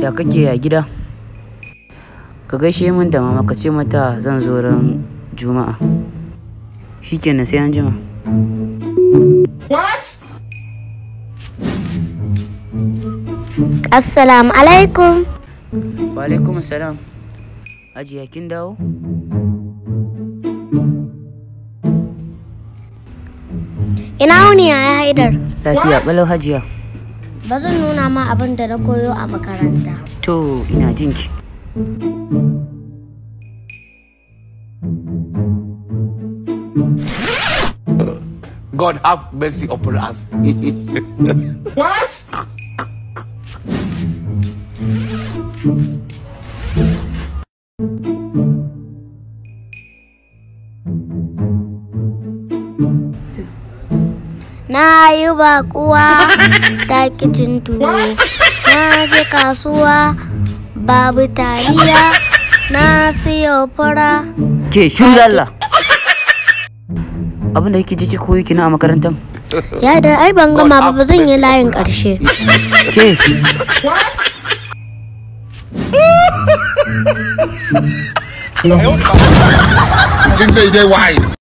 ya kake a gida ka gaishe min da mama ka ce mata zan zo ran juma'a shikenan sai an jima what assalamu alaikum wa alaikum assalam ajiya kin dawo ina wuni ya haidar lafiya balo hajiya ba zan nuna ma abin da na koyo a makaranta. To, ina jinki. God have mercy upon us. what? na yi bakuwa ta kicin tuwo na je kasuwa babu tariya na siyo fura ke shudalla abin da yake jiki koyi kina a makarantar ya da ai ban gama ba zan yi layin karshe ke Kin dai wise.